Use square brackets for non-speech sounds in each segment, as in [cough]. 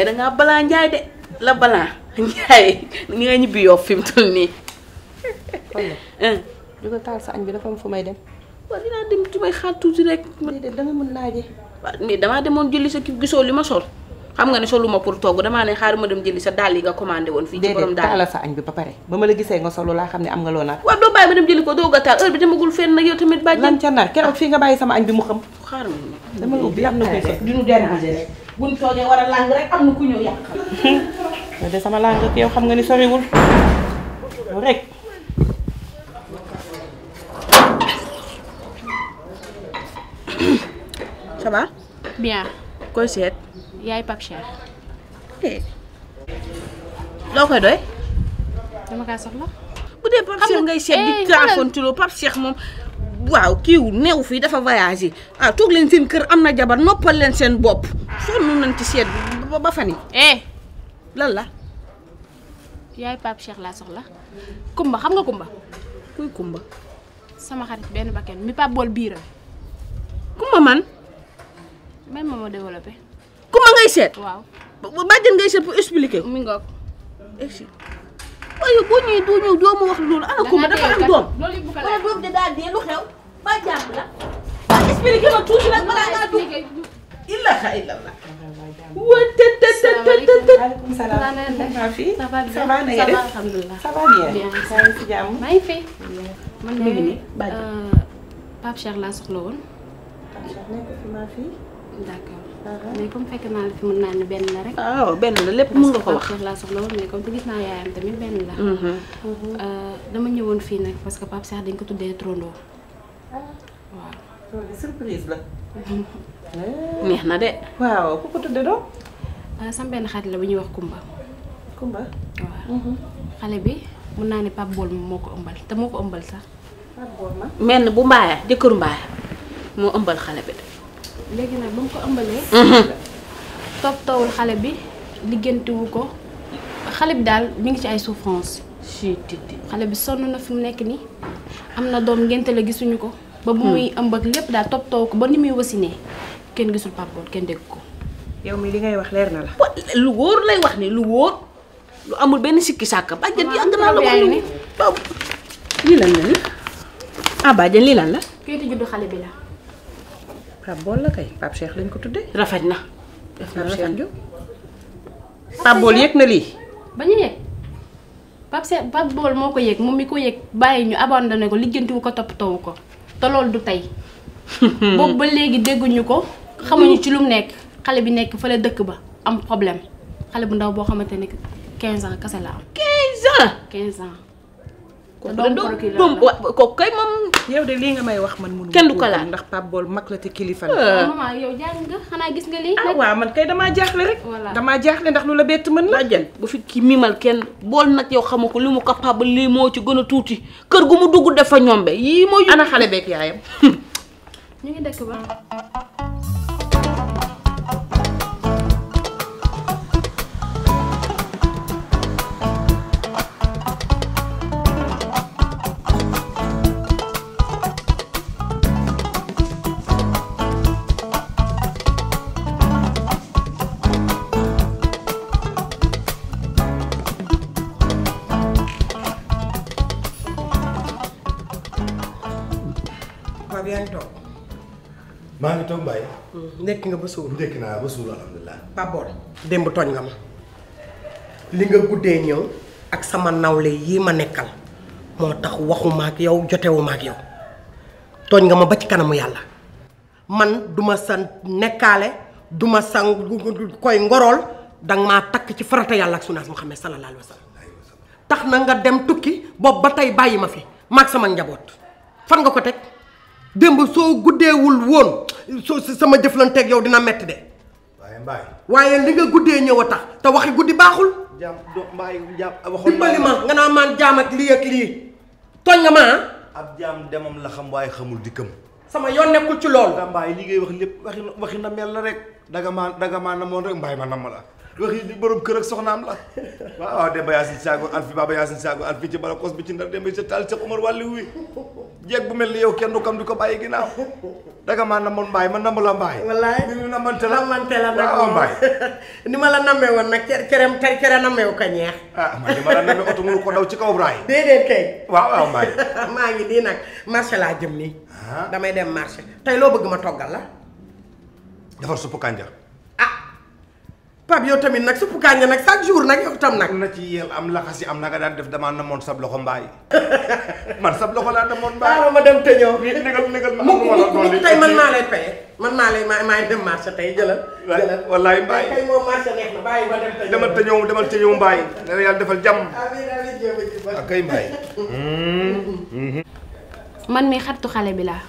mais eh, dangaa balaa njaay de la balaa njaay ni nga ñibbi yoo fi mu toll nii. du [laughs] ko eh. taal sa añ bi dafa am fu may dem. waaw dinaa dem ci may xaar tuuti rek. déedéet danga mën laaje. waaw mais damaa demoon jëli sa kii gisoo li ma sol. xam nga ne soluma damaa ne ma dem jëli sa dàll yi nga commandé woon. fii ci borom dàll taal sa añ bi ba pare ba ma la gisee nga solo laa xam ne am nga loo naa waaw doo bàyyi ma dem jëli ko doog a taal heure bi demagul fenn yow tamit. ba lan ca nar keroog fii nga bàyyi sama añ bi mu xam. xaaral ma dama la ubbi am na koy sax dinu déranger buñ toogee war a làng de [laughs] sama làng yow xam nga ni soriwul rek. ça va. koy seet. yaay Pape Cheikh. Eh. loo koy doy. dama kaa soxla. bu dee Pape Cheikh ngay seet di. eh xoolal Pape moom waaw kiiw néew fii dafa voyagé ah toog leen seen kër am na jabar noppal leen seen bopp sonn nañ ci seet bi ba fani yi eh! lan la yaay laa soxla Kumba xam nga Kumba kuy Kumba sama xarit benn bakken mi Pape bool biiram Kumba man may ma ma développé Kumba ngay seet waaw bàjjen ngay seet pour expliquer mi ngoog waaye boo ñëwee doo ñëw doo ma wax loolu ana Kumba dafa am doom loolu doom de daal dee lu ba jàmm la ba expliqué ma fi ça na nga def alhamdulilah euh, laa soxla woon Pape ah, ah. comme fekk naa la fi mën naa ne benn la rek. Ah, benn la lépp mën nga ko wax. laa soxla woon mais comme que gis naa yaayam tamit benn la. Mhm. Euh, dama ñëwoon fii nag parce que Pape dañ ko tuddee Trondo. waaw la. [laughs] Eh. neex na de. waaw ku ko tudde ah, benn xarit la bu ñuy wax Kumba. Kumba waaw. Mhm. xale bi mun naa ni Pape Bool moo ko ëmbal te moo ko ëmbal sax. Pape Bool menn bu mbaaya jëkkëru mbaaya moo ëmbal xale bi de. léegi nag ba mhm. xale bi liggéentiwu ko xale bi daal mi ngi ci ay souffrance. si xale bi sonn na fi mu nekk nii. am na doom ngénte la gisuñu ko. ba bu hmm. muy ëmb ak lépp daal toppatoo ko ba ni muy wasinee kenn gisul papoon kenn dégg ko. yow mi li ngay wax leer na la. lu wóor lay wax ni lu wóor lu amul benn sikki sàkk bàjjen yàgg naa la wax ni waaw lii lan la ni ah, juddu xale bi la. Pape la kay Pape Cheikh lañ ko tuddee. rafet na. def na rafet Pape yëg na lii. bañ a yëg. Pape Se Bool moo ko yëg moom mi ko yëg bàyyi ñu ne ko lijjantiwu ko toppatoowu ko te loolu du tey. [laughs] boobu ba léegi dégguñu ko. xamuñu ci lu mu nekk xale bi nekk fale dëkk ba am problème xale bu ndaw boo xamante ne 15 ans kese la am. 15 ans 15 ans. te doom kooku kay moom. yow de lii nga may wax man mënu. kenn ko laal ndax Pape bool mag la te kilifa la. Ah. yow jàng nga xanaa gis nga lii. ah waaw man kay damaa jaaxle rek. damaa jaaxle ndax lu la bett mën la. jël bu fi ki mimal kenn bool nag yow xamu ko li mu capable lii moo ci gën a tuuti kër gu mu dugg defa ñombe yii mooy. ana xale beeg yaayam. [laughs] ñu ngi dëkk maa ngi toog Mbaye. Mm, nekk nga ba suur. nekk naa ba suur alhamdulilah. Pabor démb tooñ nga ma. li nga guddee ñëw ak sama nawle yii ma nekkal moo tax waxumaak ak yow jotewuma yow tooñ nga ma ba ci kanamu yàlla. man duma sa nekkaale duma sa koy ngorool danga ma takk ci farata yàlla ak sunaas Muhammad sallallahu alayhi wa sallam tax na nga dem tukki boobu ba tey bàyyi ma fi maag sama njaboot fan nga ko teg démb soo guddeewul woon. soo sama jëflanteeg yow dina metti de. waaye mbaay. waaye li nga guddee ñëw a tax te waxi guddi baaxul. jaam do mbaay jaam waxoon dimbali ma nga naa maan jaam ak lii ak lii tooñ nga ma ah. ab jaam demam la xam waaye xamul dikkam. sama yoon nekkul ci loolu. mbaay li ngay wax lépp waxi waxi na mel la rek. daga maa maan na namoon rek mbaay ma nam la. waxi di borom kër ak soxnaam la waaw waaw Demba Yacine Thiago Alfi Baba Yacine Thiago Alfi ci barakos bi ci ndar Demba sa taal sa Omar wàlli wi jeeg bu mel ni yow kenn du kam ko bàyyi ginnaaw daga maa namoon mbaay ma namb la mbaay wallaay ñu namante la namante la nag waaw mbaay [laughs] ni ma la namee woon nag cerem tey cere nameew ka ñeex ah man ni ma kaw braay déedéet kay [laughs] maa ngi nii nag marché laa jëm nii ah. damay dem marché tey loo bëgg ma toggal la defar suppu kànja Pape yow tamit nag suppu kànja nag chaque jour nag yow tam nag. na ci yéen am laxas yi am naka daan def damaa namoon sab loxo mbaay [laughs] man sab loxo laa namoon mbaay. waaw ma dem te ñëw. ma amul wala doole tey man maa lay paye man maa lay maa maay dem marché tey jëlal. jëlal wallaay mbaay tey moom marché neex ba dem te ñëw demal te ñëw demal te ñëw mbaay. dana defal jàmm. amiin a a kay mbaay. Hmm, hmm. man mii xaritu xale bi laa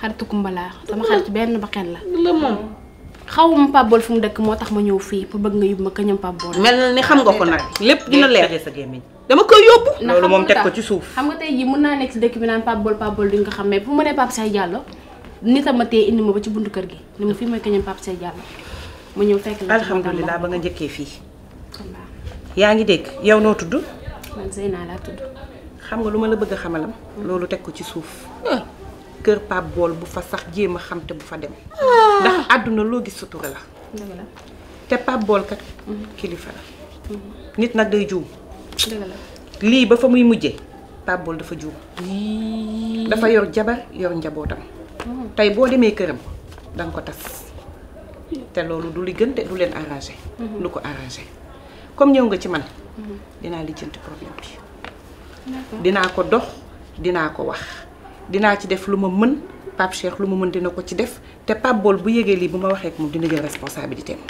xaritu kumba laa sama xaritu benn baqen la. la moom. xawuma Pape Bol fu mu dëkk moo tax ma ñëw fii pour bëgg nga yóbbu ma kañam Pape Bol. mel na ni xam nga ko nag lépp dina leer sa gémmiñ dama koy yóbbu. loolu moom teg ko ci suuf. xam nga tey jii mën naa nekk si dëkk bi naan Pape Bol Pape Bol duñ ko xam mais bu ma nee Pape Say Diallo nitam ma tee indi ma ba ci buntu kër gi ni ma fii mooy kañam Pape Say Diallo ma ñëw fekk la. alhamdulilah ba nga njëkkee fii. yaa ngi dégg yow noo tudd. man Zeyna laa tudd. xam nga lu ma la bëgg a xamalam. loolu teg ko ci suuf ah. kër Pape bu fa sax jéem a xam te bu fa dem ah. ndax àdduna loo gis sutura la te Pape mhm. kilifa la mhm. nit nag day juum lii ba fa muy mujje Pape bool dafa juum dafa yor jabar yor njabootam oh. tey boo demee këram danga ko tas te loolu du li gën du leen arrangé lu mhm. ko arrangé comme ñëw nga ci man dinaa lijjanti problème bi dinaa ko dox dinaa ko wax dinaa ci def lu ma mën Pape Cheikh lu ma mën dina ko ci def te Pape Bol bu yëgee lii bu ma waxee ak moom dina jël responsabilité am.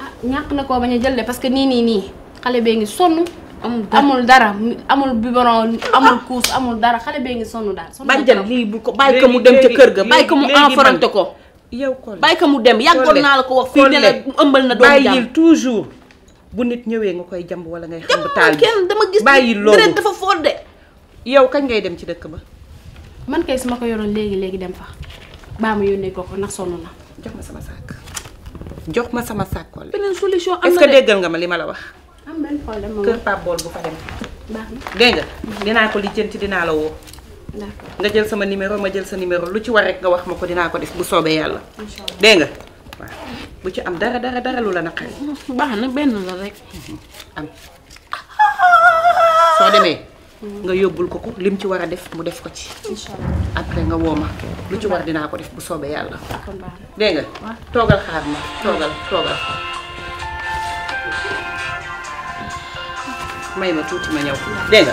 Ah, ñàkk na koo bañ a jël de parce que nii nii nii xale bee ngi sonn. amul dara amul biberon amul couche amul dara xale bee ngi sonn daal. bàjjan lii bu ko bàyyi ko mu dem ca kër ga bàyyi ko mu enforanté ko. yow Collé bàyyi mu dem yàggoon naa la ko wax. fii ne la ëmbal na doomu jàmm bàyyil toujours. bu nit ñëwee nga koy jamb wala ngay xam. taal bi kenn dama gis. bàyyi loolu dafa foor de yow kañ ngay dem ci dëkk ba man kay su ma ko yoroon léegi léegi dem fa baa ma yónnee ko ko ndax sonn na. jox ma sama saak jox ma sama saak wala. beneen solution am na est-ce que déggal nga ma li ma la wax. am benn problème moom kër Pape Bool bu fa dem. baax na dégg nga. dinaa ko lijjanti dinaa la woo. d'accord nga jël sama numéro ma jël sa numéro lu ci war rek nga wax ma ko dinaa ko def bu soobee yàlla. incha allah dégg nga waaw bu ci am dara dara dara lu la naqari. baax na benn la rek. am soo demee. nga yóbbul ko ko lim ci war a def mu def ko ci. inchallah après nga woo ma lu ci war dinaa ko def bu soobee yàlla. dégg nga toogal xaar ma toogal may ma tuuti ma ñëw dégg nga.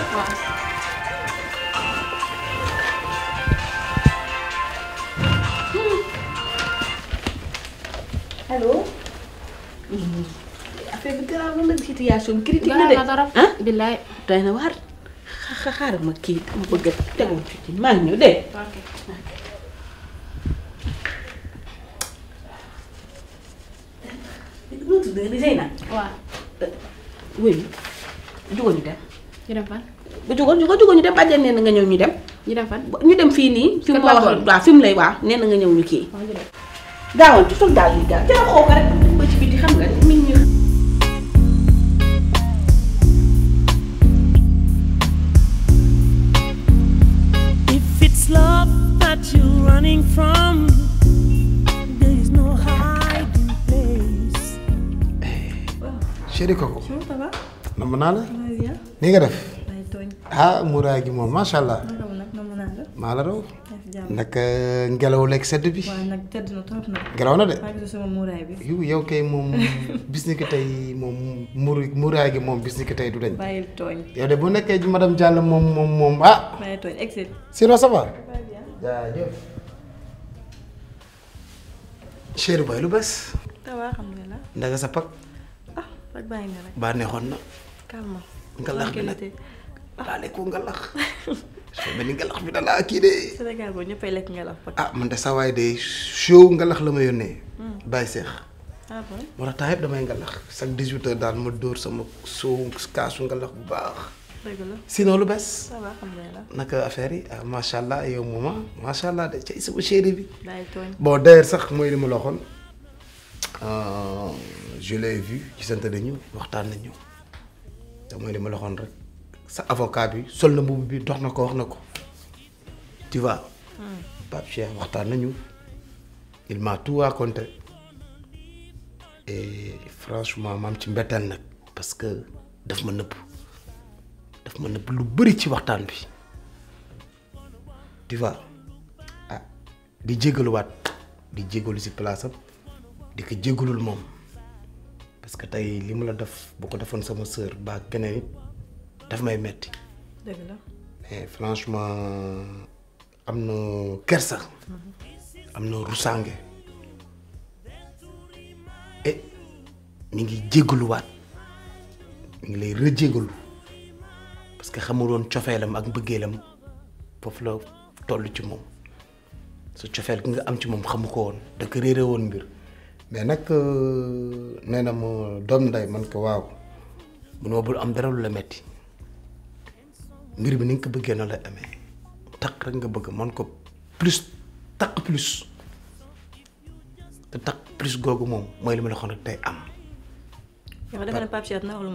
allo. Mm-hmm. na waar. xaaral ma kii dama bëgg a tegu ci maa ngi ñëw de. waaw. ñu dem. ñu dem fan. bu jugoon jugoon ñu dem bàjjen nee na nga ñëw ñu dem. ñu dem fan ñu dem fii nii. fi mu ma waaw fi mu lay waa nee na nga ñëw ñu kii. daawoon ci sol daal yi daal. jaaxoo ko rek ba ci biti xam nga. got you running naa la. ni def. ah muuraay gi moom macha allah. maa la raw. naka ngelaw leeg sedd bi. waaw nag tedd ngelaw na de. yu yow kay moom [laughs] bis ni moom muraay gi moom bis ni ko tey du dañ. yow de bu nekkee madame Diallo moom moom moom ah. si. sinon ça jaajëf. chéri boy lu bés. ça ndaga sa pag. Ah, baa neexoon na. ngalax bi nag ah. daa lekkoo ngalax. [laughs] soo mel ni ngalax bi da laa kii de. lekk ngalax. ah man de saa de show ngalax la ma yónnee. Hmm. bàyyi seex. ah bon yëpp damay ngalax chaque 18 heures daal ma dóor sama soow kaasu ngalax bu baax. dëgg la sinon naka affaire yi ah, macha allah yow mooma macha allah de cay sama chéri bi. day tooñ sax mooy li ma la waxoon euh, je vu gisante nañu waxtaan nañu te mooy li ma la rek sa avocat bi sol na mbubb bi dox na ko wax na ko tu vois. Hmm. Pape waxtaan nañu il m'a tout raconté et franchement maam ci mbetteel nag parce que daf ma nëpp. daf ma nëbb lu bëri ci waxtaan bi tu ah, di jégaluwaat di jégalu si place di ko jégalul moom parce que tey li mu la def bu ko defoon sama sœur ba keneen it daf may metti mais franchement am na kersa am na rusaange e ngi jégaluwaat mi ngi lay rëjégalu parce que xamuloon cofeelam ak mbëggeelam foofu la toll ci moom su cofeel ki nga am ci moom xamu ko woon da ko réere woon mbir mais nag euh, nee na ma doom nday man ko waaw munoo bu am dara lu la metti mbir bi ni nga ko bëggee na la amee taq rek nga bëgg man ko plus taq plus te taq plus googu moom mooy li ma la xoon tey am yow defe naa Pape Cheikh na wax lu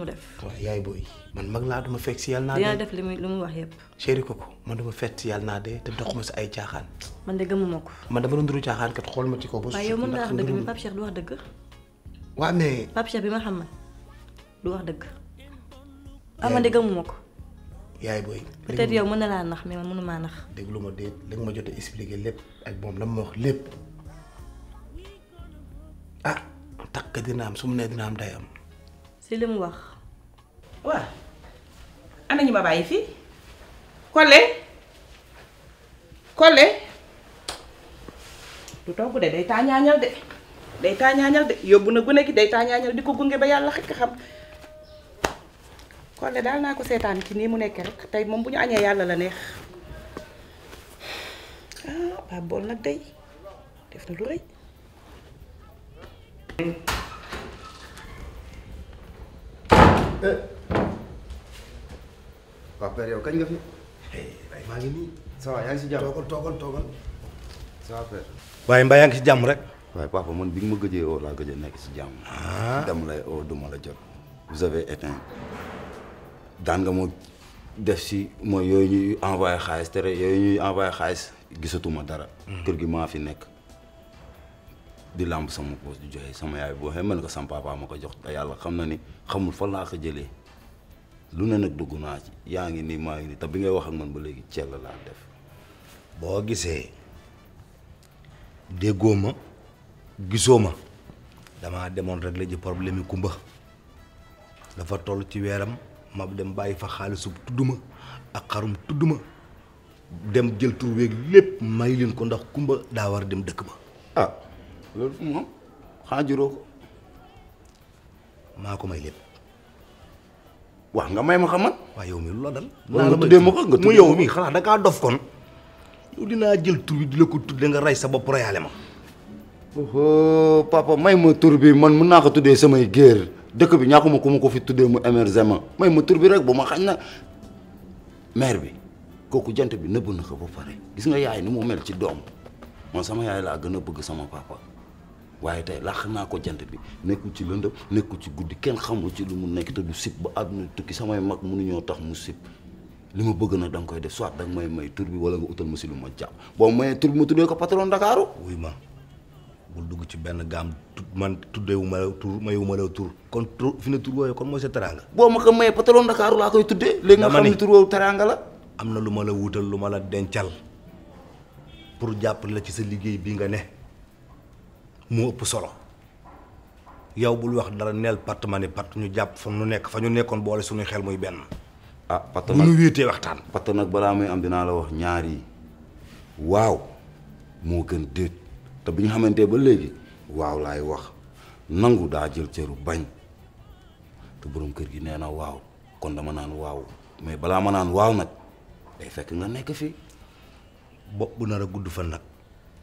booy man mag laa duma fekk si yàlla naa dee. def li mu li mu wax yëpp. chéri kooku man duma fekk si yàlla naa dee te doxuma si ay caaxaan. man de gëmuma ko. man dama doon duru xool ma ci ko. ba suuf ndax ndax dëgg mais Pape Cheikh du wax dëgg. bi ma xam man du wax dëgg. ah man ko. yaay booy. peut-être yow mën na laa nax mais man mënu maa nax. déglu ma déet li nga ma jot a lépp ak moom la ma wax lépp ah takk dina am su mu ne dina am day am ci li wax. waaw ana ñu ma bàyyi fii Collé Collé du togg de day taañaañal de day taañaañal de yóbbu na gune gi day taañaañal di ko gunge ba yàlla xekk xam Collé daal naa ko seetaan ci nii mu nekkee rek tey moom bu ñu añee yàlla la neex ah Pape Bon nag day def na lu rëy. waaw eh. père yow kañ nga fi. waaye maa jàmm mbaa yaa ngi si jàmm rek. waaye papa man bi nga ma gëjee oo laa gëj nekk si jàmm. Ah. dama lay oo la jot. vous avez éteint daan nga def si mooy yooyu ñuy envoyé xaalis tere yooyu ñuy envoyé xaalis gisatuma dara. Hmm. kër gi fi nekk. di làmb sama poos di joxe sama yaay boo xee mën ko sama papa ma ko jox te yàlla xam na ni xamul fan laa ko jëlee lu ne nag dugg naa ci yaa ngi nii maa ngi nii te bi ngay wax ak man ba léegi cell laa def. boo gisee déggoo ma gisoo ma damaa demoon rek la ji problème yi kumba dafa toll ci weeram ma dem bàyyi fa xaalisub tudd ma ak xarum tudd ma dem jël tur weeg lépp may leen ko ndax kumba daa war dem dëkk ma loolu fu moom xanaa maa ko may lépp waaw nga may ma xaman waaw yow mi lu la dal nga tuddee ma ko nga mu yow mi xanaa da ngaa dof dinaa jël tur bi di nga ray sa bopp royaale ma oh papa may ma tur bi man mën naa ko tuddee samay géer dëkk bi ñàkkuma ko ma ko fi tuddee mu émergement may ma tur bi rek bu ma xañ na mère bi kooku jant bi nëbb na ko ba pare gis nga yaay nu mu mel ci doom man sama yaay laa gën a bëgg sama papa waaye tey laax naa ko jant bi nekkul ci lëndëm nekkul ci guddi kenn xamul ci lu mu nekk te du sip ba àdduna tukki samay mag mënuñoo tax mu sip li ma bëgg na da nga koy def soit da may may tur bi wala nga utal ma lu ma jàpp boo mayee tur bi ma ko patron Ndakaaru. wuy ma dugg ci benn gaam tu man tuddeewu ma la tur mayu ma la tur kon tur fi ne tur wooyee kon mooy sa teraanga. boo ma ko mayee patron Ndakaaru laa koy tuddee. léegi nga xam ne tur woowu teraanga la. am na lu ma la wutal lu ma la dencal pour jàppale la ci sa liggéey bi nga ne. moo ëpp solo yow bul wax dara neel patt ma ni patt ñu jàpp fa nu nekk fa ñu nekkoon boole suñu xel muy benn. ah patt nag bu ñu wéetee waxtaan. patt nag balaa muy am dinaa la wax ñaar waaw moo gën déet te bi ñu xamante ba léegi waaw laay wax nangu daa jël cëru bañ te kër gi nee na waaw kon dama naan waaw mais balaa ma naan waaw nag day fekk nga nekk fii. bopp bu nar a gudd fa nag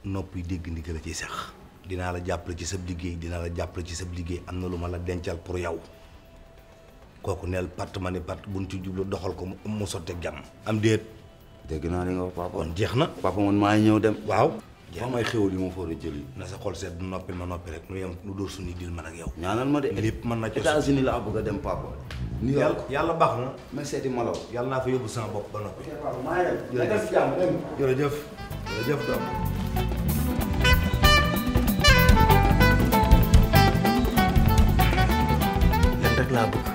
nopp yi dégg ndigal a ciy sex dinaa la jàppale ci sab liggéey dinaa la jàppale ci sab liggéey am na lu ma la dencal pour yow kooku neel part ma ne part buñ ci jublu doxal ko mu sotte jàmm am déet dégg naa li nga wax papa kon jeex na papa man maa ñëw dem waaw jeex may xéwal mu ma foora jëli na sa xol seet noppi ma noppi rek nu yem nu dóor suñu dil man ak yow ñaanal ma de lépp mën na ci États-Unis laa bëgg a dem papa ni yàlla yàlla baax na ma seeti malaw yàlla naa fa yóbbu sama bopp ba noppi jërëjëf jërëjëf jërëjëf rek laa bëgg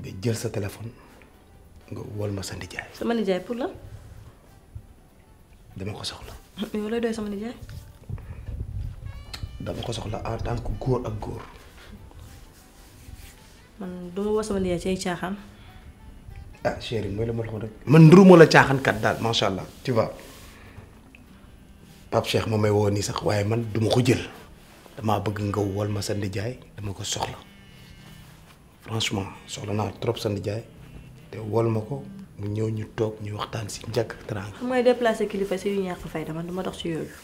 nga jël sa téléphone nga wol ma sa nijaay. sama nijaay pour la. dama ko soxla. [laughs] yow lay doy sama nijaay. dama ko soxla en tant que góor ak góor. man du ma woo sama nijaay ci ay caaxaan. ah chérie mooy la ma la rek. man nduruma la caaxaankat daal macha allah tu vois Pape moom may woo nii sax waaye man duma ko jël. damaa bëgg nga wol ma sa ndijaay dama ko soxla franchement soxla naa trop sa ndijaay te wol ma ko mu ñëw ñu toog ñu waxtaan si njëkk teraanga. xam nga déplacé kilifa si yu ñàkk fay dama du dox si yooyu.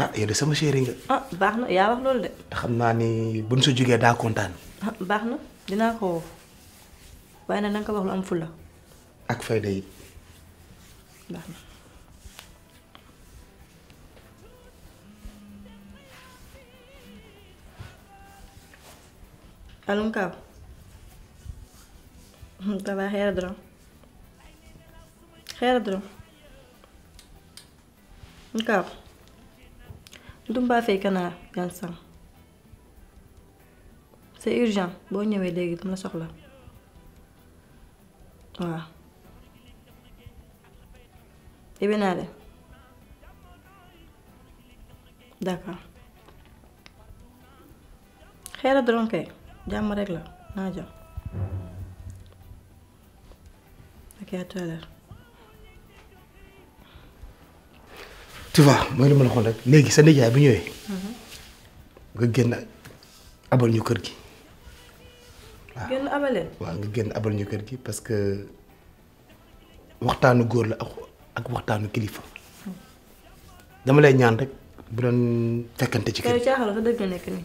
ah yow sama chéri nga. Ah, baax na yaa wax loolu de. xam naa ni buñ sa jógee daa kontaan. Ah, baax na dinaa ko woo waaye nag na nga ko wax lu am fulla. ak fayda yi. baax na. Ela não cabe. Estava redro. Redro. Não cabe. Dum ba fay kana e urgent. Boo ñëwee léegi dama soxla. Waaw. Ibi e naa de. D'accord. Xeera dron kay. jàmm rek la naa jàmm ok à tout mooy li ma la xool rek léegi sa nijaay bu ñëwee. nga génn abal ñu kër gi. waaw génn abaleen waaw nga génn abal ñu kër gi parce que waxtaanu góor la ak waxtaanu kilifa. Hmm. dama lay ñaan rek bu doon fekkante ci kër gi. kër la fa dëgg nekk nii.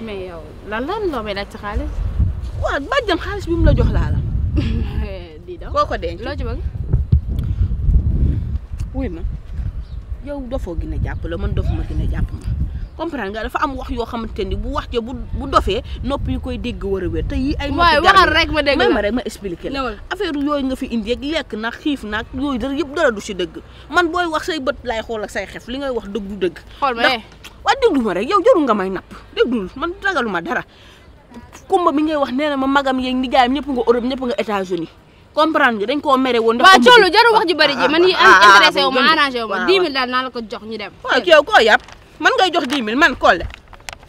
mais yow lan lan loo may laaj xaalis. waaw bàjjam xaalis bi mu la jox laa la. [laughs] di koo ko denc loo ci bëgg. wuy ma yow dofoo gën jàpp la man dofuma gën jàpp ma. comprendre nga dafa am wax yoo xamante ni bu wax ja bu bu dofee nopp yu koy dégg war a wér te yi ay noppi waxal rek ma dégg ma ma expliqué yooyu nga fi indi ak lekk nag xiif nag yooyu dara yëpp du si dëgg man booy wax say bët laay xool ak say xef li ngay wax dëgg du dëgg waaw déglu ma rek yow jarul nga may napp du man ragalu ma dara kumba mi ngay wax nee na ma magam yeeg nijaayam ñëpp nga Europe ñëpp nga États-Unis comprendre nga dañ koo mere woon. ndax coono wax ji bari ji ah, man yi ah, ah, intéressé wu ma arrangé wu ma daal naa la ko jox ñu dem. waaw yow koo yàpp. man ngay jox 10 man Collé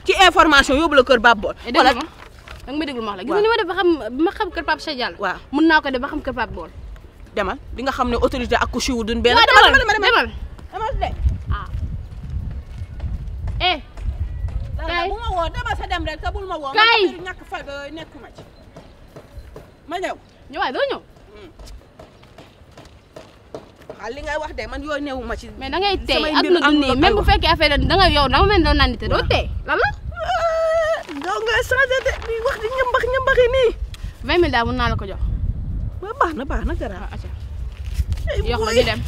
ci information yóbbu la kër Baboy. wala dégg nga xam ma xam mën naa ko def xam kër Pape Boy. nga xam ne autorité ak ku siiw duñ benn. waaw demal demal demal demal ah. eh. ma woo demal sa dem rek bul ma woo. kay ma nekk fa nekk ma ma ñëw. ñëwaay doo ñëw. Hmm. doxal li ngay wax de man yooyu newu ma ci. mais da ngay tey ak lu bu fekkee affaire da nga yow da nga mel doon naan te doo ah. tey lan la. Ah, donc changé de di wax di ñambax ñambaxi naa la ko jox. ba baax na baax na garaaw. Ah, eh, yox la ñu dem.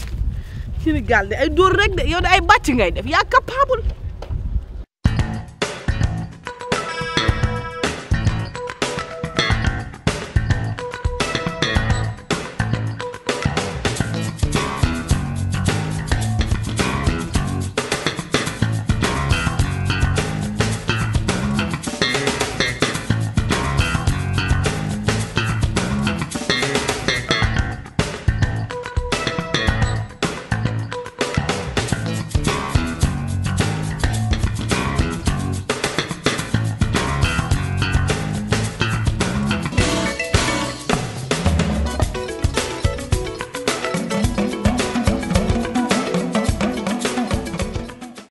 Sénégal de ay dóor rek de yow de ay bàcc ngay def yaa capable.